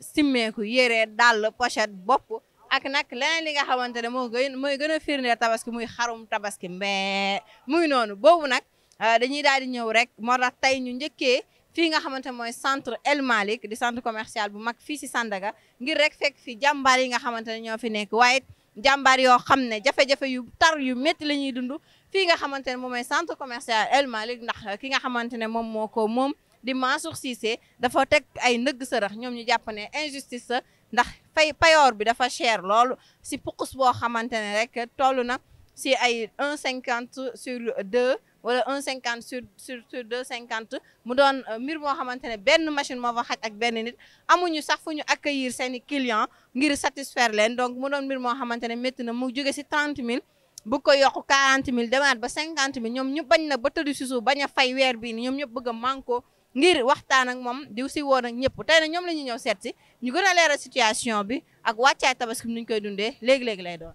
simmeeku yére dàll pochette bopp ak nag leneen li nga xamante ne moo gën mooy gën a firndeel tabaski muy xarum tabaski mbee muy noonu boobu nag euh, dañuy daal di ñëw rek moo tax tey ñu njëkkee fii nga xamante mooy centre El Malick di centre commercial bu mag fii si Sandaga ngir rek fekk fi jàmbaar yi nga xamante ne ñoo fi nekk waaye jàmbaar yoo xam ne jafe-jafe yu tar yu métti la ñuy dund fii nga xamante ne moom mooy centre commercial El Malick ndax ki nga xamante ne moom moo ko moom di Mansour Cissé dafa teg ay ndëgg sërëx ñoom ñu jàpp ne injustice sa ndax fay payoor bi dafa chair loolu si pukus boo xamante ne rek toll na si ay un cinquante sur deux wala un cinquante sur sur sur deux cinquante mu doon euh, mbir moo xamante ne benn machine moo fa xaj ak benn nit amuñu sax fu ñu accueillir seen i client ngir satisfaire leen donc mu doon mbir moo xamante ne métti na mu jóge si trente mille bu ko yokk quarante mille demaat ba cinquante mille ñoom ñu na ba tëdd si suuf bañ a fay weer bii ñoom ñëpp bëgg a manko ngir waxtaan ak moom di si woon ak ñëpp tey nag ñoom la ñuy ñëw seet si ñu gën a leeral situation bi ak wàccaay tabaski bi ñu koy dundee léegi-léegi lay doon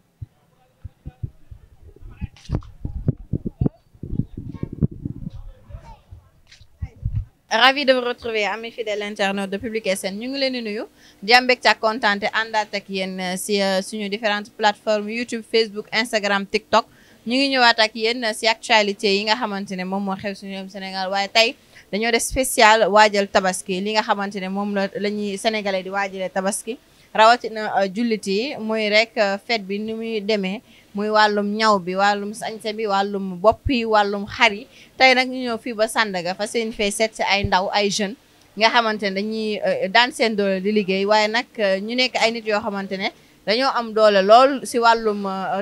ravi de vous retrouver amis fidèles de Public SN ñu ngi leen di nuyu di am mbégte ak kontaante àndaat ak yéen euh, si euh, suñu différente plateforme YouTube Facebook Instagram TikTok ñu ngi ñëwaat ak yéen euh, si actualité yi nga xamante ne moom moo xew suñu Sénégal waaye tey dañoo def spécial waajal tabaski li nga xamante ne moom la la ñuy sénégalais di waajalee tabaski rawatina euh, jullit yi muy rek euh, fet bi ni muy demee muy wàllum ñaw bi wàllum sañse bi wàllum boppi yi wàllum xar yi tey nag ñu ñëw fii ba Sandaga fa seen fay seet si ay ndaw ay jeunes nga xamante ne dañuy euh, daan seen doole di liggéey waaye nag ñu nekk ay nit yoo xamante ne dañoo am doole lool si wàllum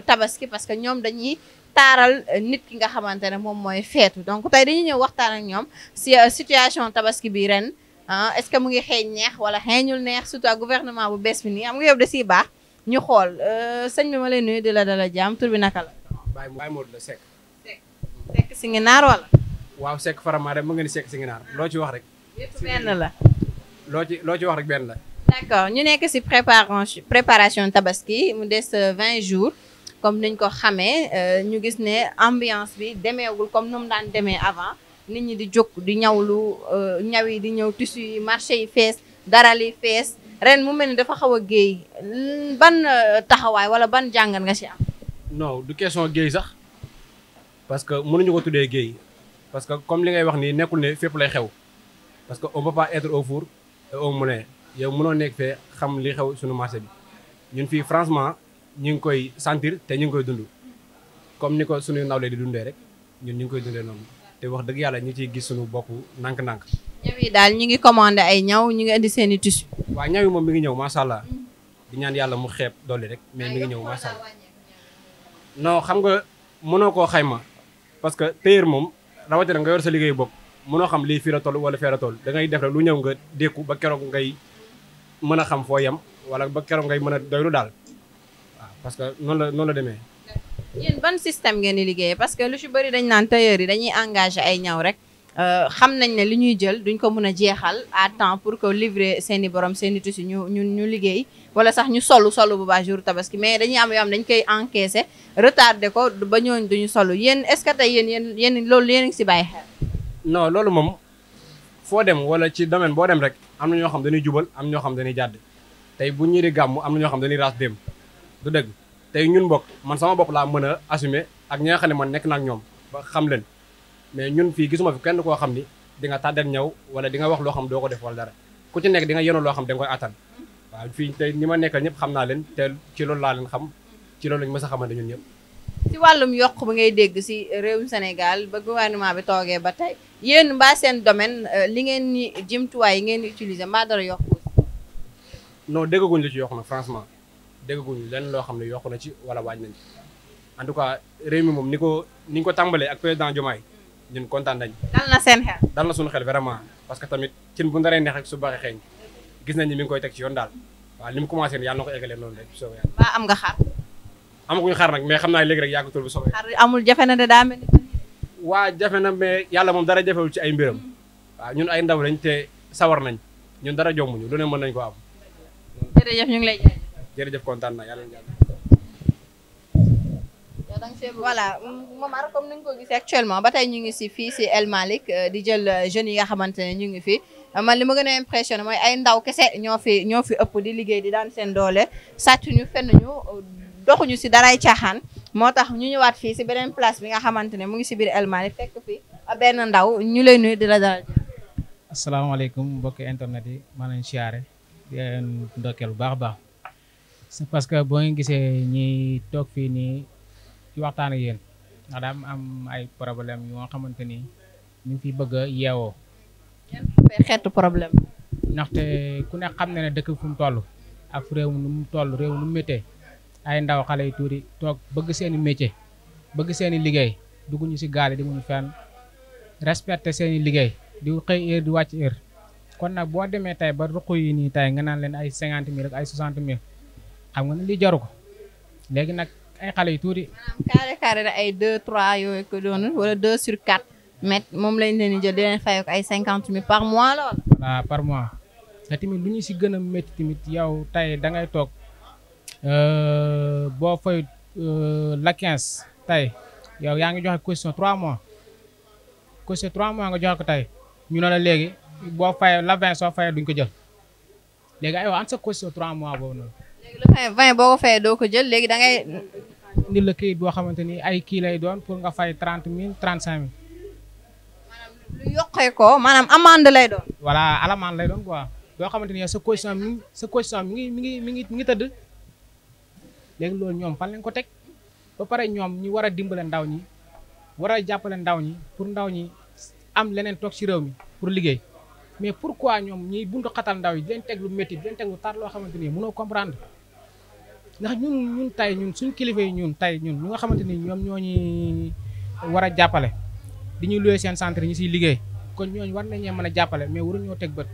tabaski parce que ñoom dañuy taaral euh, nit ki nga xamante ne moom mooy feetu donc tey dañu ñëw waxtaan ak ñoom si euh, situation tabaski bi ren ah est-ce que mu ngi xeeñ neex wala xeeñul neex surtout ak gouvernement bu bees bi nii xam nga yow da siy baax ñu xool euh, sëñ bi ma lay nuyu di la dala jaam tur bi naka la. Baye Modou la Seck. Seck si ngi naar wala. waaw Seck farama de mu ngeen Seck si ngi naar loo ci wax rek. yëpp benn la. loo loo ci wax rek benn la. d'accord ñu nekk si préparation préparation tabaski mu des 20 jours. comme niñ ko xamé euh, ñu gis né ambiance bi démé wul comme num daan démé avant nit ñi di jokk di ñawlu euh, ñaw yi di ñëw tissu yi marché yi fess dara li fess ren mu melni dafa xawa a ban euh, taxaway wala ban jangal nga ci am. non du question géey sax parce que mënu ñu ko tuddé géey parce que comme li ngay wax ni nekul ne fépp lay xew parce que on peut pas être au four et au moulin yow mëno nek fee xam li xew suñu marché bi ñun fi franchement. ñu ngi koy sentir te ñu ngi koy dund comme ni ko suñu nawle di dundee rek ñun ñu ngi koy dundee noonu te wax dëgg yàlla ñu ciy gis suñu bopp nànk-nànk. ñaw yi daal ñu ngi commandé ay ñaw ñu ngi indi seen i tissu. waa ñaw yi moom mi ngi ñëw macha di ñaan yàlla mu xeeb dolli rek mais mi ngi ñëw macha allah non xam nga mënoo koo xayma parce que tailleur moom rawatina nga yor sa liggéey bopp mënoo xam lii fii la toll wala fee la toll da ngay def rek lu ñëw nga dékku ba keroog ngay mën a xam foo yem wala ba keroog ngay mën a daal parce que noonu la noonu la demee. yéen ban système ngeen di liggéeyee parce que lu ci bëri dañ naan tailleur yi dañuy engagé ay ñaw rek euh, xam nañ ne li ñuy jël duñ ko mën a jeexal à temps pour que livrer seeni i borom seen i tissu ñu ñu ñu liggéey wala sax ñu solu solu bu baax jour tabaski mais dañuy am yoo xam dañ koy encaissé retarde ko ba ñooñ duñu solu yéen est ce que tey yéen yéen yéen loolu yéen a si baay xel. non loolu moom foo dem wala ci domaine boo dem rek am na ñoo xam dañuy jubal am ñoo xam dañuy jàdd tey bu ñuy di gàmm ñoo xam dañuy raas dem du dëgg tey ñun mbokk man sama bopp laa mën a assumer ak ñi xam ne man nekk na ak ñoom ba xam leen mais ñun fii gisuma fi kenn koo xam ni di nga tàddeel ñaw wala di nga wax loo xam doo ko def wala dara ku ci nekk di nga yenu loo xam da nga koy attan waaw fii tey ni ma nekkal ñëpp xam naa leen te ci loolu laa leen xam ci loolu lañ mës a xamante ñun ñëpp ci wàllum yokk ba ngay dégg si réewum Sénégal ba gouvernement bi toogee ba tey yéen mbaa seen domaine euh, li ngeen ni jumtuwaay yi ngeen di utiliser mbaa dara yokk non déggaguñ li déggaguñu lenn loo xam ne yokku na ci wala wàññi nañ en tout cas réew mi moom ni ko ni ñu ko tàmbalee ak président Diomaye ñun kontaan nañ dal na seen xel dal na suñu xel vraiment parce que tamit cin bu ndaree neex ak su baxee xeeñ gis nañ ni mi ngi koy teg ci yoon daal waaw li mu commencé yàlla na ko eggalee noonu rek soobee yàlla ba am nga xar amaguñu xar nag mais xam naa léegi rek yàggatul bu soobee xar amul jafe na de daa mel ni waa jafe na mais yàlla moom dara jafewul ci ay mbiram mm-hmm. waaw ñun ay ndaw lañ te sawar nañ ñun dara jombuñu lu ne mën nañ ko am jërëjëf kontaan na yàlla voilà Momar ba tey ñu ngi si fii si El euh, di jël euh, jeunes yi nga xamante ne ñu ngi fi euh, man li ma gën a mooy ay ndaw kese ñoo fi ñoo fi ëpp di liggéey di daan seen doole sàccuñu fenn ñu doxuñu si daray caaxaan moo tax ñu ñëwaat fii si beneen place bi nga xamante ne mu ngi si biir El Malick fekk fi benn ndaw ñu lay nuyu di la dalal. mbokki internet yi maa ngi leen siyaare di ndokkeel baax a baax. parce que bo ngi gisee ñi tok fi ni ci waxtaan ak yéen ndax am ay problème yoo xamanteni ñu fi bëgg yéwo iya, ñen yeewoo. xéttu problème. ndaxte ku ne xamné na dëkk fu mu tollu ak réew nu mu tollu réew mu ay ndaw xalé yu tuuti bëgg seen métier bëgg seen liggéey dugguñu si gaal yi di mënu fenn respecté seen liggéey di xey heure di wacc heure kon nak bo démé tay ba ruq yi nii nga nan leen ay 50000 ak ay 60000 xam nga ne li jaru ko léegi nag ay xale yu tuuti. carré carré la ay 2 3 yooyu ko doon wala 2 sur 4 mètres moom lañ leen di jël di leen fayoo ay 50 mille par mois la wala. par mois te tamit lu ñu si gën a métti tamit yow tey da ngay toog euh, boo fay euh, la 15 tey yaa ngi joxe caution mois caution 3 nga joxe ko tey ñu ne la léegi boo fayee la 20 soo fayee duñ ko jël léegi aywa am sa caution 3 mois boobu noonu. vingt boo ko fayee doo ko jël léegi da ngay. indil la kayit boo xamante ni ay kii lay doon pour nga fay trente mille trente lu yokkee ko maanaam amande lay doon. voilà alamande lay doon quoi boo xamante ni sa caution mi sa caution mi ngi mi ngi mi ngi mi ngi tëdd. léegi loolu ñoom fan lañ ko teg ba pare ñoom ñu war a ndaw ñi war a ndaw ñi pour ndaw ñi am leneen toog ci réew mi pour liggéey mais pourquoi ñoom ñiy buntu xatal ndaw yi di leen teg lu métti di leen teg lu tar loo xamante ni mënoo comprendre. ndax ñun ñun tay ñun suñ kilifa yi ñun tay ñun ñu nga xamante ni ñoom ñoo ñuy war a jàppale di ñuy luwee seen centre ñu siy liggéey kon ñooñu war nañee mën a jàppale mais waruñoo teg bët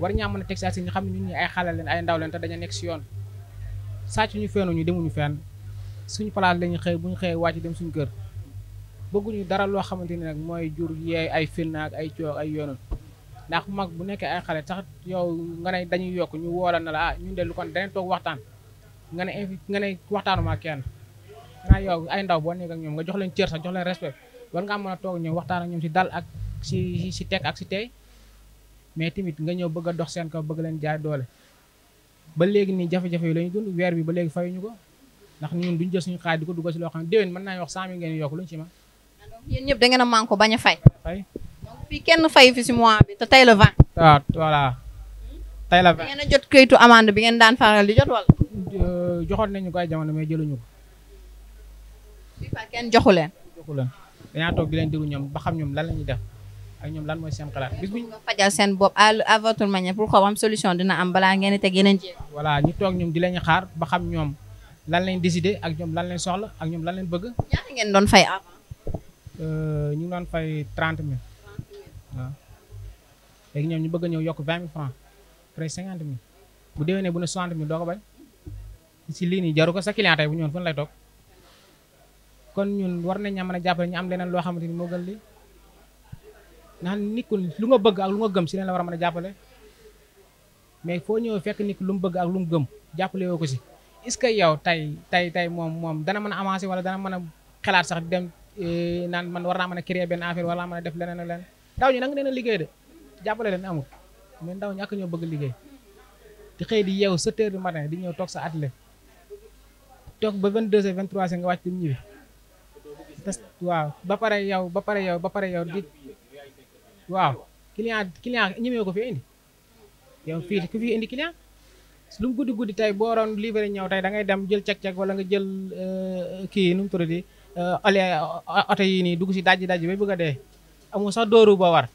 war ñaa mën a teg saa si ñu xam ne ñun ñi ay xale leen ay ndaw leen nekk si yoon sàcc ñu demuñu fenn suñu place lañu xëy bu ñu xëyee wàcc dem suñu kër bëgguñu dara loo xamante ni nag mooy jur yeey ay firnaak ay ay yoonal ndax mag bu nekkee ay xale sax yow nga dañuy yokk ñu woola na la ah ñun de lu kon danañ toog waxtaan nga ne nga ne waxtaanuma ak kenn xanaa yow ay ndaw boo nekk ak ñoom nga jox leen cër sax jox leen respect war ngaa mën toog ñoom waxtaan ak ñoom si dal ak si si teg ak si tey mais tamit nga ñëw bëgg a dox seen kaw bëgg leen jaay doole ba léegi nii jafe-jafe yi la ñu dund weer bi ba léegi fayuñu ko ndax ñun duñ jël suñu xaalis di ko dugal si loo xam ne déwén mën naa wax cent mille ngeen yokk luñ ci man yéen ñëpp da ngeen a manko bañ a fay donc fii kenn fayu fi si mois bi te tey le vingt waaw ah, voilà tey la vingt ngeen a jot këyitu amande bi ngeen daan faral di jot wala joxoon nañu ko ay jamono mais jëluñu ko. bi fa kenn joxu leen. joxu leen dañaa toog di leen déglu ñoom ba xam ñoom lan la def ak ñoom lan mooy seen xalaat. bis bu nga fajal seen bopp à à votre manière pour xaw am solution dina am balaa ngeen di teg yeneen jéeg. voilà ñu toog ñoom di leen xaar ba xam ñoom lan lañ décider ak ñoom lan lañ soxla ak ñoom lan lañ bëgg. ñaata ngeen doon fay avant. Euh, ñu ngi doon fay trente mille. waaw léegi ñoom ñu bëgg a ñëw yokk vingt mille francs après cinquante mille bu déwénee bu ne soixante mille doo ko bañ ci li ni jaru ko sa client tey bu ñëwoon fan lay tok kon ñun war nañ mëna mën ñu am leneen lo xamanteni mo gal li nan ndax nit ku lu nga bëgg ak lu nga gëm ci leneen la war mëna jappalé mais fo ñëw fekk nit lu mu bëgg ak lu mu gëm jappalé woko ci est-ce que yow tay tay tay mom mom dana mëna avancer wala dana mëna xalaat sax dem eh, nan man war na mëna créer ben affaire wala mëna def leneen ak leneen daw ñu nag nee liggéey de jappalé leen amul mais ndaw ñak ñoo bëgg liggéey di xey di yew 7 h du matin di ñëw tok sa atelier toog ba 22h 23h nga wàcc dem ñibbi te waaw ba pare yow ba pare yow ba pare yow di waaw client client ñemee ko fi indi yow fii ku fi indi client lu guddi guddi tey boo waroon libéré ñëw tey da ngay dem jël cek-cek wala nga jël euh, kii nu mu tuddati ale euh, oto yi nii dugg si dajji daj ba bëgg a dee amul sax dooru ba war.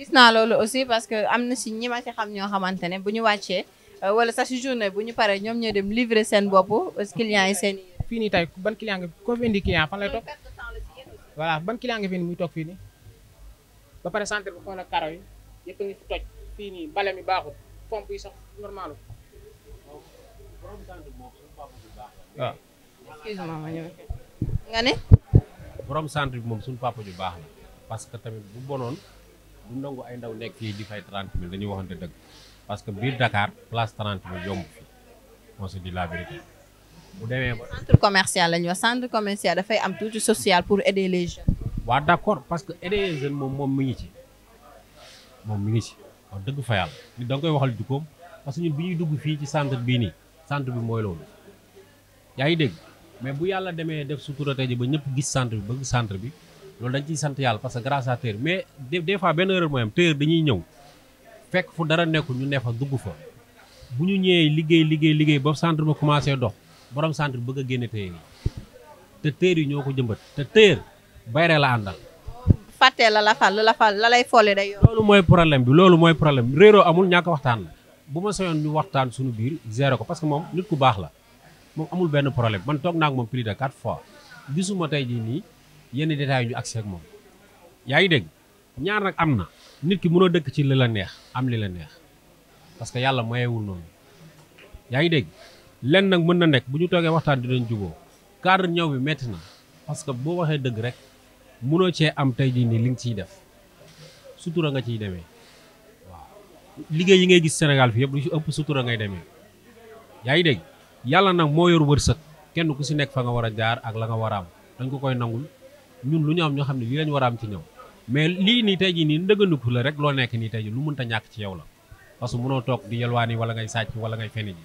gis naa loolu aussi parce que am na si ñi ma ci xam ñoo xamante ne bu ñu wàccee. Euh, wala sax si journée bu ñu paree ñoom ñoo dem livrer seen bopp clients yi seen fii nii tey ban client nga koo fi indi client fan lay toog waa ban client nga fi indi fii nii ba pare centre bi xoolal toj fii nii bale mi baaxul pompe yi sax normalu ah. waaw. ne. borom centre bi moom suñu papa ju baax la parce que tamit bu bonoon du nangu ay ndaw nekk fii di fay 30 000 dañuy waxante dëgg. parce que biir Dakar place 30 bi yomb fi on se dit la vérité bu demee ba. centre commercial la wax centre commercial dafay am tuuti social pour aider les jeunes. waaw d' accord parce que aider les moom moom mi ngi ci moom mi ngi ci wax dëgg fa yàlla nit da koy waxal jukkoom parce que ñun bi ñuy dugg fii ci centre bii nii centre bi mooy loolu yaa ngi dégg mais bu yàlla demee def sutura tey ji ba ñëpp gis centre bi bëgg centre bi loolu dañ ciy sant yàlla parce que grâce à mais des fois benn erreur mooy am terre dañuy ñëw. fekk fu dara nekkul ñu ne fa dugg fa bu ñu ñëwé liggéey liggéey liggéey ba centre ba commencé dox borom centre bëgg a génne téer yi te téer yi ñoko jëmbat té téer bayré la andal faté la la fal la fal la lay folé day yoon loolu moy problème bi loolu moy problème réro amul ñaak waxtaan la bu ma soyoon ñu waxtaan suñu biir zéro ko parce que mom nit ku baax la mom amul benn problème man tok naa mom plus de 4 fois gisuma tay jii ni yenn détail ñu accès ak mom yaay ngi dégg ñaar nak amna nit ki mëno dëkk ci li la neex am li la neex parce que yàlla mayewul noonu yaa ngi dégg lenn nag mën na nekk bu ñu toogee waxtaan doon juboo cadre ñëw bi metti na parce que boo waxee dëgg rek mënoo cee am tey jii nii li nga ciy def sutura nga ciy demee waaw liggéey yi ngay gis Sénégal fi yëpp lu ci ëpp sutura ngay demee yaa ngi dégg yàlla nag moo yor wërsëg kenn ku si nekk fa nga war a jaar ak la nga war a am dañ ko koy nangul ñun lu ñu am ñoo xam ne lii lañ war a am ci ñëw mais lii nii tey jii nii la rek loo nekk nii tey lu mënta ñàkk ci yow la parce que mënoo toog di yelwaani wala ngay sàcc wala ngay fene ji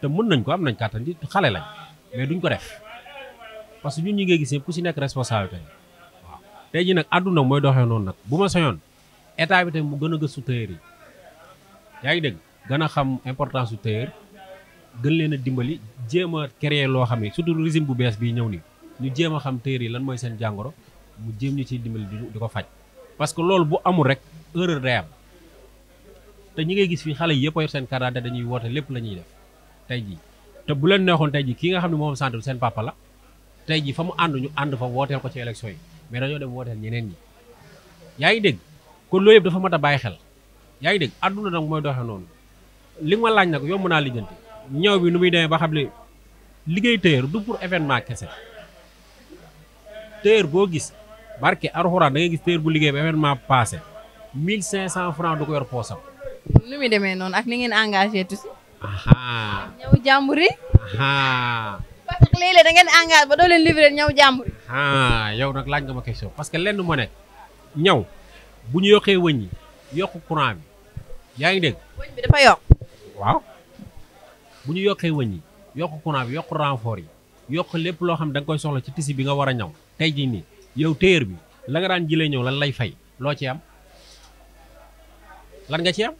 te mën nañ ko am nañ kàttan di xale lañ mais duñ ko def parce que ñun ñi ngay gis ku si nekk responsabilité waaw tey jii nag àdduna mooy nak noonu nag bu ma état bi tamit mu gën a gëstu tailleur yi yaa ngi dégg xam importance su tailleur gën leen dimbali jéem créer surtout régime bu bees bii ñëw ni ñu jéem xam tailleur yi lan seen mu jéem ñu ciy dimbali di ko parce que loolu bu amul rek erreur day am te ñi ngay gis fii xale yëpp a seen carte dañuy woote lépp la ñuy def tey jii te bu leen neexoon tey ji kii nga xam ne moom sant seen papa la tey jii fa mu ànd ñu ànd fa wooteel ko ci élection yi mais dañoo dem wooteel ñeneen ñi yaa ngi dégg kon loolu yëpp dafa mat a bàyyi xel yaa ngi dégg àdduna nag mooy doxee noonu li nga ma laaj nag yomb naa lijjanti ñëw bi nu muy demee ba xam ne liggéey téyeer du pour événement kese téyeer boo gis barke arxuraan da ngay gis téer bu liggéey ba événement passé 1500 francs du ko yor poosam. nu muy demee noonu ak ni ngeen engagé tuuti. ñaw yi. parce da ngeen engagé ba doo leen livré ñaw jàmbur yi. yow nag laaj nga ma question parce que lenn moo nekk ñaw bu ñu yokkee wëñ yi yokk courant bi yaa ngi dégg. wëñ bi yokk. ñu yokkee wëñ yi yokku courant bi yokku renfort yi yokk lépp loo xam da nga koy soxla ci tisi bi nga war a ñaw tey jii nii. yow téer bi la nga daan jëlee ñëw lan lay fay loo ci am lan nga ci am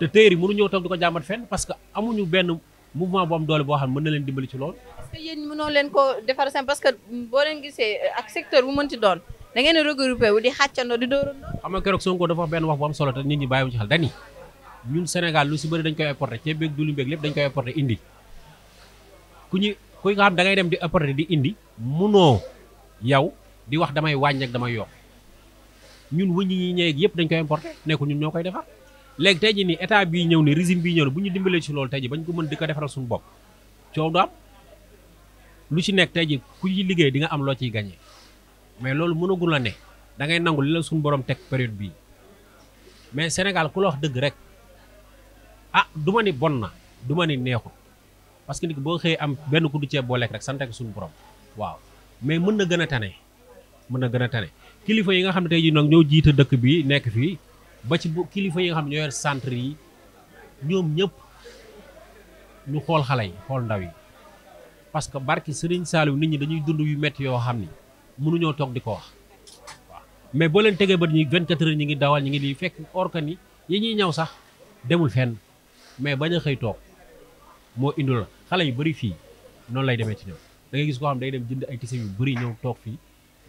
te téer yi mënuñoo toog di ko jàmbat fenn parce que amuñu benn mouvement bu am doole boo xam ne mën na leen dimbali ci loolu. parce que yéen mënoo leen ko defar seen parce que boo leen gisee euh, ak secteur bu mënti doon da ngeen di regroupé wu di xàccandoo di dóorandoo. xam nga keroog Sonko dafa wax benn wax bu am solo te nit ñi bàyyiwuñu ci xel dani ñun Sénégal lu si bëri dañ koy importé ceeb beeg dulum beeg lépp dañ koy importé indi ku ñu ku nga xam da ngay dem di importé di indi munoo yow di wax damay wàññi ak damay yokk ñun wëññi yi ñeeg yëpp dañ koy importer nekkul ñun ñoo koy defar léegi tey ji nii état bii ñëw ni régime bii ñëw ni bu ñu dimbalee ci loolu tey ji bañ ko mën di ko defaral suñu bopp coow du am lu ci nekk tey ji ku ci liggéey di nga am loo ciy gagné mais loolu mënagul la ne da ngay nangu li la suñu borom teg période bii mais Sénégal ku la wax dëgg rek ah du ma ni bon na du ma ni neexul parce que nit boo xëyee am benn kuddu ceeb boo lekk rek sant suñu borom waaw mais mën na gën a tane mën a gën a tane kilifa yi nga xam ne tey jii nag ñëw jiita dëkk bi nekk fii ba ci bu kilifa yi nga xam ne ñoo yor centre yi ñoom ñëpp ñu xool xale yi xool ndaw yi parce que barki Serigne Saliou nit ñi dañuy dund yu métti yoo xam ni mënuñoo toog di ko wax mais boo leen tegee ba ñi 24 heures ñi ngi dawal ñi ngi lii fekk or ni yi ñuy ñaw sax demul fenn mais bañ a xëy toog moo indi la xale yu bari fii noonu lay demee ci ñoom da ngay gis koo xam day dem jënd ay tise yu bëri ñëw toog fii.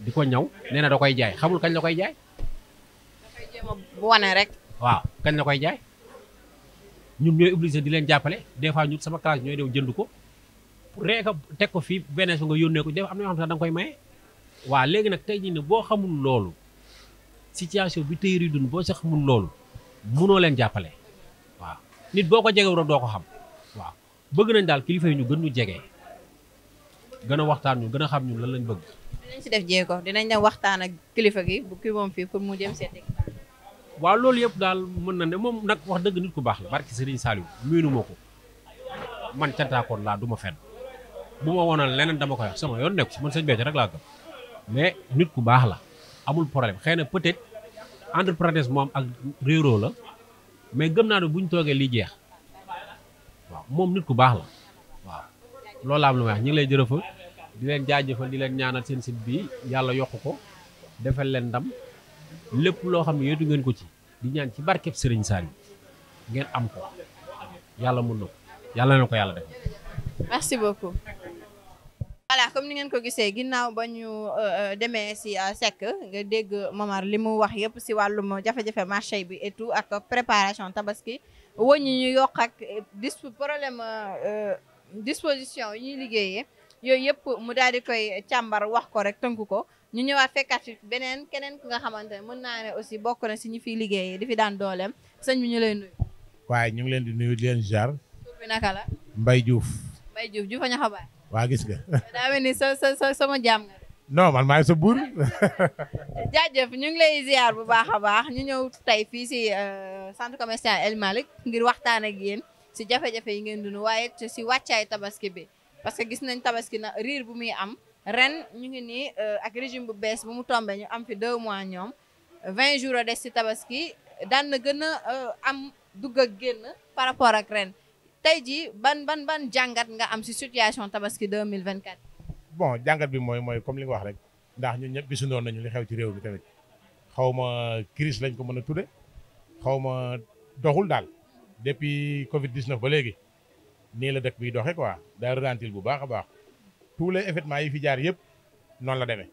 di ko ñaw nee na da koy jaay xamul kañ la koy jaay. da wane rek. waaw kañ la koy jaay ñun ñooy obligé di leen jàppale des ñu ñun sama classe ñooy dew jënd ko rek a ko fii beneen su nga yónnee ko def am na yoo xam ne da nga koy maye. waaw léegi nag tey jii ne boo xamul loolu situation bi tey dun boo sa xamul loolu mënoo leen jàppale waaw nit boo ko jegewul doo ko xam waaw bëgg nañ daal kilifa yi ñu gën ñu jege gën a waxtaan ñu gën a xam ñu lan lañ bëgg. dinañ si def jéego dinañ dem waxtaan ak kilifa gi bu kii moom fii pour mu jëm seeti. waaw loolu yëpp daal mën na ne moom nag wax dëgg nit ku baax la barki Serigne Saliou miinu ma ko man cantaakoon laa du ma fenn bu ma woonoon leneen dama koy wax sama yoon nekku si man sëñ Béthio rek laa gëm mais nit ku baax la amul problème xëy na peut-être entreprenariat moom ak réeróo la mais gëm naa ne buñ toogee li jeex waaw moom nit ku baax la waaw loolu laa am lu may wax ñu ngi di leen jaajëfal di leen ñaanal seen site bi yàlla yokk ko defal leen ndam lépp loo xam ne yootu ngeen ko ci di ñaan ci barkeb Serigne Saliou ngeen am ko yàlla mën na ko yàlla na ko yàlla merci beaucoup. voilà comme ni ngeen ko gisee ginnaaw ba ñu euh, euh, demee si euh, Seck nga dégg Momar li mu wax yëpp si wàllum jafe-jafe marché bi et ak préparation tabaski wëññi ñu yokk ak disposition yi ñuy liggéeyee. yooyu yëpp mu daal di koy càmbar wax ko rek tënku ko ñu ñëwaat fekkaat fi beneen keneen ku nga xamante ne mën naa ne aussi bokk na si ñu fiy liggéey di fi daan dooleem sëñ bi ñu lay nuyu. waaye ñu ngi leen di nuyu di leen jaar. naka la. Mbaye Diouf. Mbaye Diouf Diouf ñaxa baay. waa gis nga. daa mel ni sa sa sama jaam nga. non man maay sa buur. jaajëf ñu ngi lay ziar bu baax a baax ñu ñëw tey fii si sant euh, commercial El Malick ngir waxtaan ak yéen si jafe-jafe yi ngeen dund waaye si wàccaay tabaski bi. parce que gis nañ tabaski na riir bu muy am ren ñu ngi nii euh, ak régime bu bees bu mu tombé ñu am fi deux mois ñoom vingt jours a des ci tabaski daan na gën a euh, am dugg ak génn par rapport ak ren tey jii ban ban ban jàngat nga am ci situation tabaski 2024 bon jàngat bi mooy mooy comme li nga wax rek ndax ñun ñëpp gisundoon nañu li xew ci réew bi tamit xaw ma crise lañ ko mën a tudde xaw ma doxul daal depuis covid 19 ba léegi nii la dëkk bi doxe quoi daa ralentir bu baax a baax tous les événements yi fi jaar yëpp noonu la demee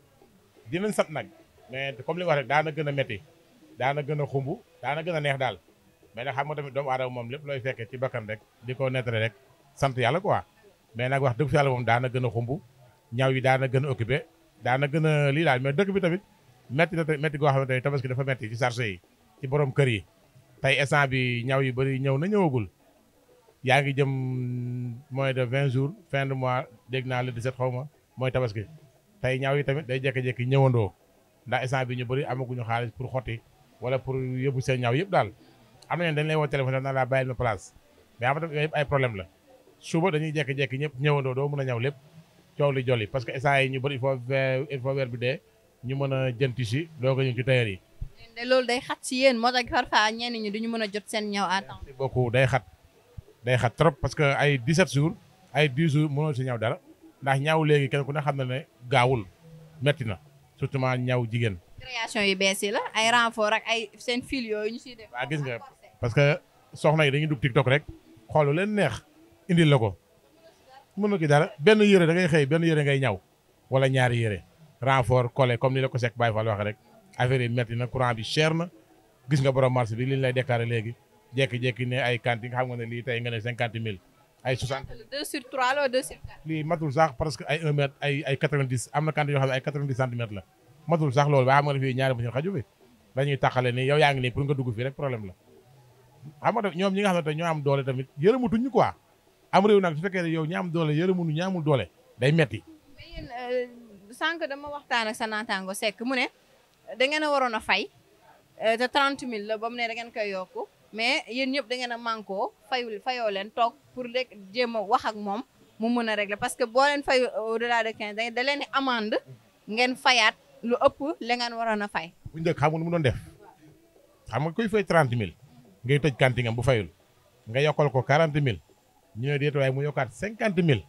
dinañ sant nag mais comme li nga wax rek daana gën a métti daana gën a xumb daana gën a neex daal mais nag xam nga tamit doomu aadama moom lépp looy fekkee ci bakkan rek di ko nettali rek sant yàlla quoi mais nag wax dëgg fi yàlla moom daana gën a xumb ñaw yi daana gën a occupé daana gën a lii daal mais dëkk bi tamit métti na métti goo xamante ne tabaski dafa métti ci chargé yi ci borom kër yi tey instant bi ñaw yi bëri ñëw na ñëwagul yaa ngi jëm moins de vingt jour fin de mois dégg naa le 17 xaw ma mooy tabaski tey ñaaw yi tamit day jékki-jékki ñëwandoo ndax instant bi ñu bëri amaguñu xaalis pour xotti wala pour yóbbu seen ñaaw yëpp daal am na ñoom dañ lay woo téléphone na laa bàyyil ma place mais am na yëpp ay problème la suba dañuy jékki-jékki ñëpp ñëwandoo doo mën a ñaw lépp coow li yi parce que instant yi ñu bëri il faut il weer bi dee ñu mën a jënd tissu doo ko ñu yi. loolu day xat si yéen moo tax parfois ñenn ñi duñu mën a jot seen ñaw à temps. day xat day xat trop parce que ay 17 jours ay 10 jours mënoo si ñaw dara ndax ñaw léegi kenn ku ne xam na ne gaawul metti na surtout ñaw jigéen. création yu yi la ay renfort ak ay seen fil yooyu gis nga parce que soxna yi dañuy dugg TikTok rek xoolu leen neex indil la ko mën na ki dara benn yére da ngay xëy benn yére ngay ñaw wala ñaari yére renfort collé comme ni la ko Seck Baye Fall waxee rek affaire yi metti na courant bi cher na gis nga borom marché bi lii ñu lay déclaré léegi. jekki jékki ne ay cantine xam nga ne lii tey nga ne cinquante mille ay soixante mille. deux sur trois la deux sur quatre. lii matul sax parce que ay un mètre ay quatre vingt dix am na cantine yoo xam ne ay ne euh, a waroon a fay euh, te trente mille la ba mu ne da ngeen koy yokku mais yeen ñep da ngeen am manko fayul fayo len tok pour rek jema wax ak mom mu meuna régler parce que bo len fay au delà de 15 da len amende ngeen fayat lu upp le ngeen warona fay buñ de xamul mu don def xam nga koy fay 30000 ngay tej cantingam bu fayul nga yokol ko 40000 ñu diet way mu yokat 50000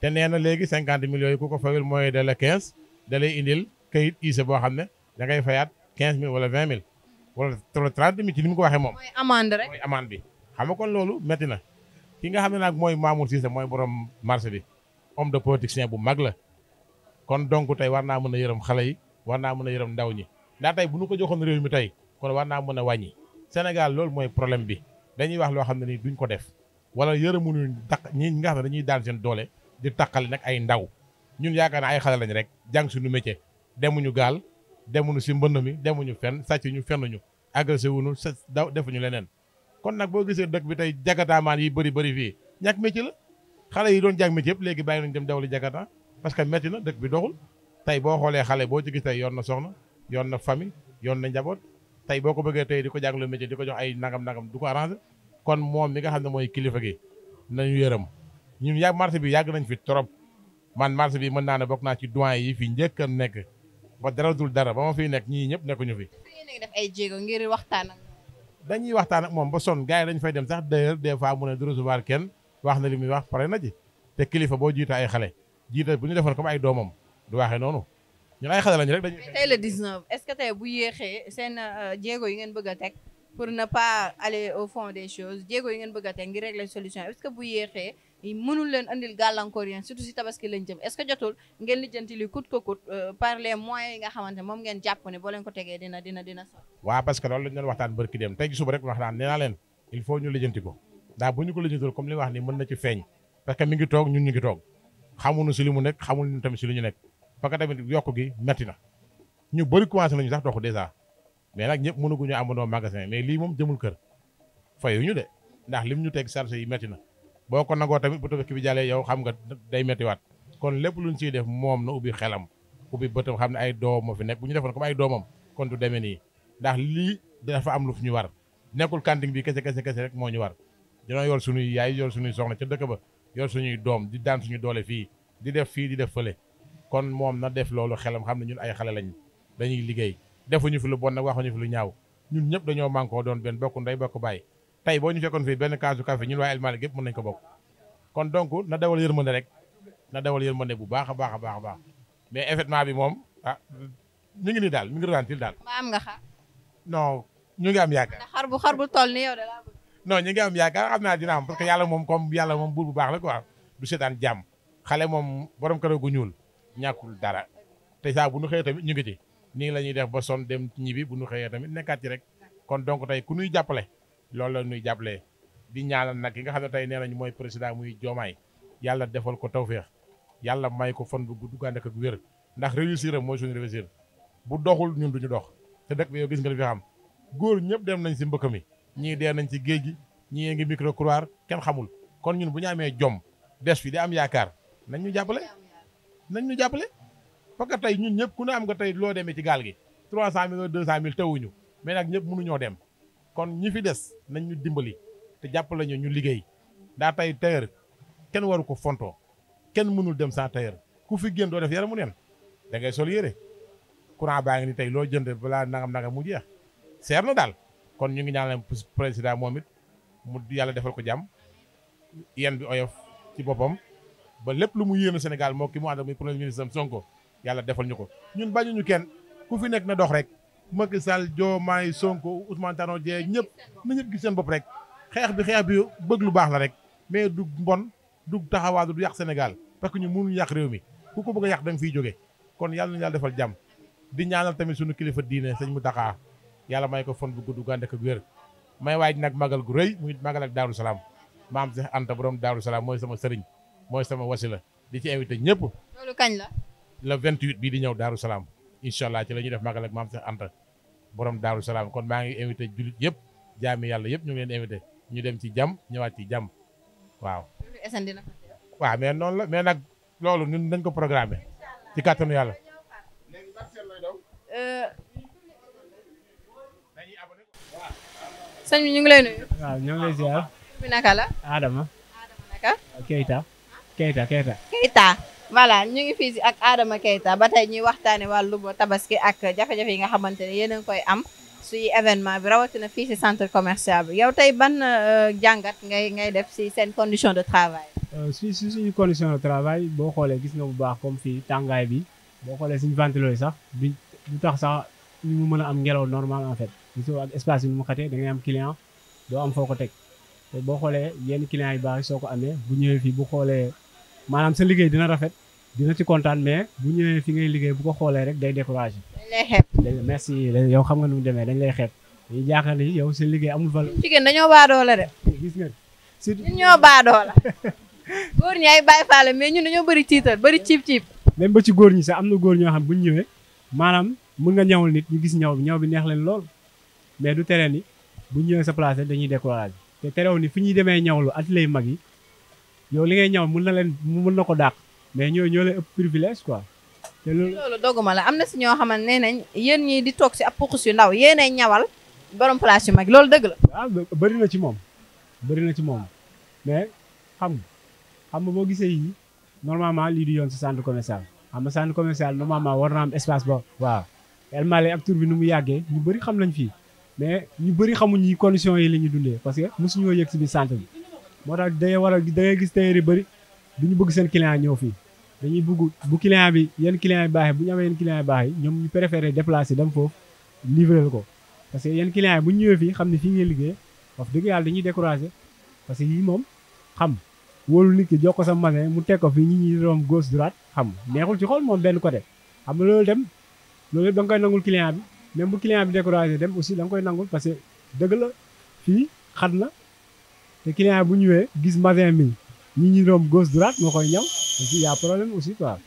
te neena legi 50000 yoy ku ko fayul moy de la 15 da lay indil kayit ise bo xamne da ngay fayat 15000 wala 20000 wala wala trente mille ci ni mu ko waxee moom. mooy amande rek bi. xam nga kon loolu metti na ki nga xam ne nag mooy Mamour Cissé mooy borom marché bi homme de politicien bu mag la kon donc tey war naa mën a yërëm xale yi war naa mën a yërëm ndaw ñi ndax tey bu nu ko joxoon réew mi tey kon war naa mën a wàññi Sénégal loolu mooy problème bi dañuy wax loo xam ne ni duñ ko def wala yërëmuñu taq ñii nga xam ne dañuy daan seen doole di taqali nag ay ndaw ñun yaakaar naa ay xale lañ rek jàng suñu métier demuñu gaal demuñu si mbënd mi demuñu fenn sàcc ñu fennuñu agressé wuñu sa daw defuñu leneen kon nag boo gisee dëkk bi tey jagataamaan yi bëri bëri fii ñàkk métier la xale yi doon jàng métier yëpp léegi bàyyi nañ dem dawli jagata parce que métti na dëkk bi doxul tey boo xoolee xale boo ci gis yoon na soxna yoon na famille yoon na njaboot tey boo ko bëggee tey di ko jàngalee métier di ko jox ay nangam-nangam du ko arrangé kon moom mi nga xam ne mooy kilifa gi nañu yërëm ñun yàgg marché bi yàgg nañ fi trop man marché bi mën naa ne bokk naa ci doyen yi fi njëkk a nekk ba dara dul dara ba ma fiy nekk ñii ñëpp nekkuñu fi. def ay jéego ngir waxtaan ak dañuy waxtaan ak moom ba son gars yi dañu fay dem sax d'ailleurs des fois mu ne du recevoir kenn wax na li muy wax pare na ji te kilifa boo jiita ay xale jiita bu ñu defoon comme ay doomam du waxee noonu ñun ay xale lañu rek dañuy. tey le 19 est-ce bu yéexee seen euh, jéego yi ngeen bëgg a teg pour ne pas alles au fond des choses jéego yi ngeen bëgg a teg ngir régler solution est-ce bu mënul leen andil gàllankoor yéen surtout si tabaski lañ jëm est-ce que jotul ngeen lijjanti li coûte que coûte euh, par les moyens yi nga xamante ne moom ngeen jàpp ne boo leen ko tegee dina dina dina so waaw parce que loolu lañ doon waxtaan barki dem tey suba rek waxtaan nee naa leen il faut ñu lijjanti ko ndax bu ñu ko lijjantul comme li wax ni mën na ci feeñ parce que mi ngi toog ñun ñu ngi toog xamuñu si li mu nekk xamul ñu tamit si li ñu nekk parce que tamit yokk gi metti na ñu bëri commencé nañu sax dox dèjà mais nag ñëpp mënaguñu amandoo magasin mais lii moom jëmul kër fayuñu de ndax lim ñu teg charge yi metti na boo ko nangoo tamit bu tabaski bi jàllee yow xam nga day méttiwaat kon lépp luñ ciy def moom na ubbi xelam ubbi bëtam xam ne ay doom moo fi nekk bu ñu defoon comme ay doomam kon du demee nii ndax lii dafa am lu fu ñu war nekkul kanting bii kese kese kese rek moo ñu war dina yor suñuy yaay yor suñuy soxna ca dëkk ba yor suñuy doom di daan suñu doole fii di def fii di def fële kon moom na def loolu xelam xam ne ñun ay xale lañ dañuy liggéey defuñu fi lu bon nag waxuñu fi lu ñaaw ñun ñëpp dañoo mànkoo doon benn bokku ndey bokk bàyyi tey boo ñu fekkoon fii benn kaasu café ñun waa El Malick yëpp mën ko kon donc na dawal yërmande rek na dawal yërmande bu baax a baax a baax a baax mais événement bi moom ah ñu ngi daal mi ngi relantil daal. am nga xar. non ñu ngi am yaakaar. xar bu xar bu toll nii yow de laa bëgg. non am naa dina am parce yàlla moom comme yàlla moom buur bu baax la quoi du seetaan jàmm xale moom borom kër gu ñuul ñàkkul dara te saa bu nu xëyee tamit ñu ngi ci nii la ñuy def ba son dem ñibbi bu nu xëyee tamit nekkaat ci rek kon donc tey ku ñuy jàppale loolu la ñuy jàppalee di ñaanal nag ki nga xam ne tey nee nañu mooy président muy joomaay yàlla defal ko feex yàlla may ko fon bu gudd gànd ak wér ndax réussir am mooy suñu réussir bu doxul ñun duñu dox te dëkk bi yow gis nga fi xam góor ñëpp dem nañ si mbëkk mi ñii dee nañ ci géej gi ñii ngi micro couloir kenn xamul kon ñun bu ñu amee jom des fi di am yaakaar nañ ñu jàppale nañ ñu jàppale parce que tey ñun ñëpp ku ne am nga tey loo demee ci gaal gi 300000 wala 200000 tawuñu mais nag ñëpp mënuñoo dem kon ñi fi des nañ ñu dimbali te jàpp lañu ñu liggéey daa tey tailleur kenn waru ko fontoo kenn mënul dem sans ku fi génn doo def yaramu neen da ngay sol yére courant baa ngi ni tey loo jënd balaa nangam-nangam mu jeex seer na daal kon ñu ngi ñaanal président moom it mu yàlla defal ko jàmm yéen bi oyof ci boppam ba lépp lu mu yéene Sénégal moo ki mu ànd muy premier ministre Sonko yàlla defal ñu ko ñun bañuñu kenn ku fi nekk na dox rek. Macky Sall Diomaye Sonko Ousmane Tanor Dieng ñëpp na ñëpp gis seen bopp rek xeex bi xeex bi bëgg lu baax la rek mais du mbon du taxawaadu du yàq Sénégal parce que ñu mënuñu yàq réew mi ku ko bëgg yàq da nga fiy jóge kon yàlla na yàlla defal jàmm di ñaanal tamit suñu kilifa diine sëñ Mountakha yàlla may ko fon bu gudd gànd ak wér may waaj nag magal gu rëy muy magal ak Daaru Salaam maam Seex Anta borom Daaru Salaam mooy sama sëriñ mooy sama wasila di ci invité ñëpp. loolu kañ la. le 28 bii di ñëw Daaru Salaam incha allah ci la ñuy def magal ak maam Seex Anta. borom daaru salaam kon maa ngi invité jullit yëpp jaami yàlla yëpp ñu ngi leen ñu dem ci jàmm ñëwaat ci jàmm waaw. waaw mais la mais nag loolu ñun dañ ko programmé ci kàttanu yàlla. sëñ bi ñu ngi waaw ñu ngi lay ziar. naka la. voilà ñu ngi fii si ak Adama Keita ba tey ñuy waxtaane wàllu tabaski ak jafe-jafe yi nga xamante ne yéen koy am suy événement bi rawatina fii si centre bi yow tey ban euh, jàngat ngay ngay def si seen condition de travail. Euh, si si suñu condition de travail boo xoolee gis nga bu baax comme fii tàngaay bi boo xoolee suñu ventilo yi sax bu tax sax ñu mu mën a am ngelaw normal en fait gisoo ak espace bi mu xatee da ngay am client doo am foo ko teg te boo xoolee yenn client yu baax yi soo ko amee bu ñëwee fii bu xoolee maanaam sa liggéey dina rafet. dina ci kontaan mais bu ñëwee fi ngay liggéey bu ko xoolee rek day découragé. dañ lay xeeb merci yow xam nga nu demee dañ lay xeeb dañuy jàkkaar yi yow seen liggéey amul valeur. jigéen dañoo baadoo la de. nga surtout ñun ñoo baadoo la. góor ñi ay dañoo bëri tiital bëri ciib ciib. même ba ci góor ñi sax am na góor ñoo xam bu ñu ñëwee maanaam mun nga ñawul nit ñu gis ñaw bi ñaw bi neex leen lool mais du tere ni bu ñëwee sa place dañuy découragé te terewu ni fu ñuy demee at atelier mag yi yow li ngay ñaw mun na leen mun na ko dàq mais ñoo ñoo lay ëpp privilège quoi. te loolu loolu la am na si ñoo xamante ne nañ yéen ñii di toog si ab pukus yu ndaw yéenay ñawal borom place yu mag loolu dëgg la. waaw ah, bëri na ci moom bëri na ci moom mais xam nga xam nga boo gisee yii normalement lii di yoon si centre commercial xam nga centre commercial normalement war na am espace ba waaw. El Malick ak tur bi nu mu yàggee ñu bëri xam nañ fii mais ñu bëri xamuñ yi conditions yi la ñuy dundee parce que mosuñoo yëg si biir centre bi moo tax day war da gis tailleur bëri du ñu bëgg seen client ñëw fii. dañuy bugg bu client bi yenn client yu baax yi bu ñu amee yenn client yu baax yi ñoom ñu préféré déplacer dem foofu livrer ko parce que yenn client bu ñu ñëwee fii xam ne fii ngeen liggéey wax dëgg yàlla dañuy découragé parce que yii moom xam wóolu nit ki jox ko sa magasin mu teg ko fii ñu ñuy romb gauche droite xam neexul ci xol moom benn ko côté xam nga loolu dem loolu yëpp da nga koy nangul client bi même bu client bi découragé dem aussi da koy nangul parce que dëgg la fii xat na te bu ñëwee gis magasin bi ñi ñuy romb gauche moo koy ñaw aussi y' a problème aussi quoi.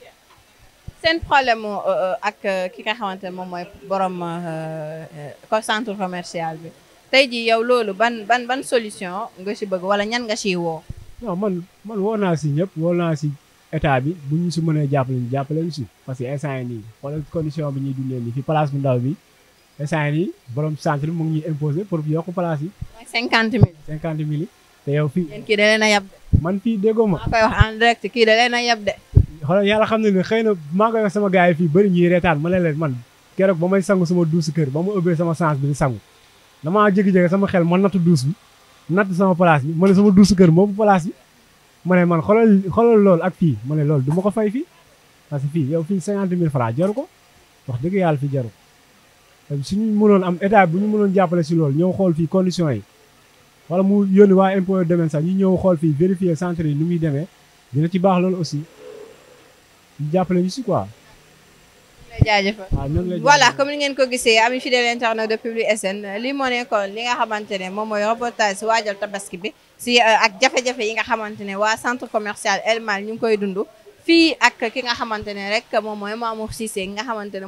seen problème euh, euh, ak euh, ki nga xamante ne moom mooy borom centre commercial bi tey jii yow loolu ban ban ban solution nga si bëgg wala ñan nga siy woo. non man man woo naa si ñëpp woo naa si état bi bu ñu si mënee jàppale ñu jàppale ñu si parce que instant yii nii xoolal condition bi ñuy dundee nii fi place bu ndaw bi instant yi borom centre bi mu ngi ñuy imposer pour yokk place yi. mooy cinquante mille. cinquante mille te yow fii. yéen kii da leen a yab. man fii déggoo ma. maa kii da leen a yeb de. xoolal yàlla xam ne ne xëy na maa koy wax sama gars yi fii bëri ñuy reetaan ma leen man keroog ba may sangu sama duus kër ba ma ëbbee sama sens bi di sangu damaa jékki-jékki sama xel ma nattu duus bi natt sama place bi ma ne sama duus kër moom place bi ma ne man xoolal xoolal lool ak fii ma ne loolu du ma ko fay fii parce que fii yow fii cinquante mille francs jaru ko wax dëgg yàlla fi jaru suñu mënoon am état bu ñu mënoon jàppale si lool ñëw xool fii condition yi wala mu yoni wa impôt domaine sax ñu ñëw xol fi vérifier centre ni muy démé dina ci bax lool aussi ñu jappalé ñu ci quoi ah, voilà comme ko gisee ami fidèle de Public SN li moo nekkoon li nga xamante ne moom mooy reportage si waajal tabaski bi si euh, ak jafe-jafe yi nga xamante ne waa centre commercial El Mal ñu ngi koy dund fii ak ki nga xamante ne Mamour Cissé nga xamante ne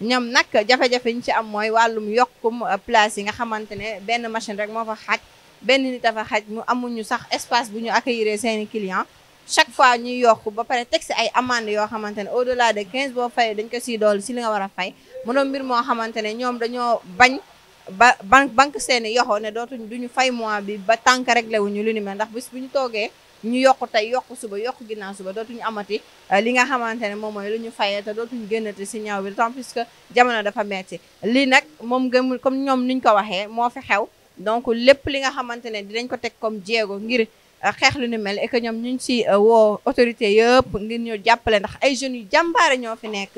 ñoom nag jafe-jafe ñu ci am mooy wàllum yokkum euh, place yi nga xamante ne benn machine rek moo fa xaj benn nit dafa xaj mu amuñu sax espace bu ñu accueillir seeni client chaque fois ñuy yokk ba pare teg si ay amende yoo xamante ne de delà de 15 boo fay dañ ko siy dool si li nga war a fay mu mbir moo xamante ne ñoom dañoo bañ ba banque banque seeni yoxoo ne dootuñ duñu fay mois bi ba tànk wu ñu lu ni mel ndax bis bu ñu toogee ñu yokk tey yokk suba yokk ginnaaw suba dootuñu amati euh, li nga xamante ne moom mooy lu ñu fayee te dootuñu génnati si ñaaw bi tant que jamono dafa metti lii nag moom gëmul comme ñoom niñ ko waxee moo fi xew donc lépp li nga xamante ne dinañ ko teg comme jéego ngir euh, xeex lu ni mel et que ñoom ñu ngi si euh, woo autorité yëpp ngir ñu jàppale ndax ay jeunes yu jàmbaare ñoo fi nekk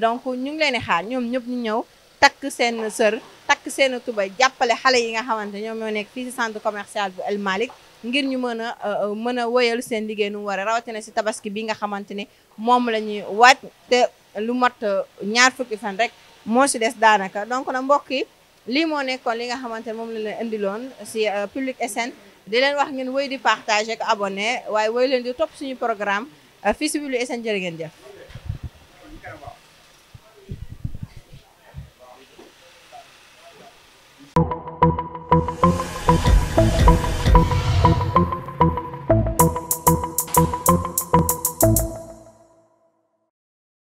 donc ñu ngi leen di xaar ñoom ñëpp ñu ñëw takk seen sër takk seen tuba jàppale xale yi nga xamante ñoom ñoo nekk fii si centre commercial bu El Malick ngir ñu mën a euh, euh, mën a woyal seen liggéey nu mu war rawatina si tabaski bi nga xamante ne moom la ñuy waaj te lu mat euh, ñaar fukki fan rek moo si des daanaka donc na mbokk yi lii moo nekkoon li nga xamante ne moom la leen indiloon si Public SN di leen wax ngeen woy di partager ak abonné waaye woy leen di topp suñu programme fii si Public SN jërë ngeen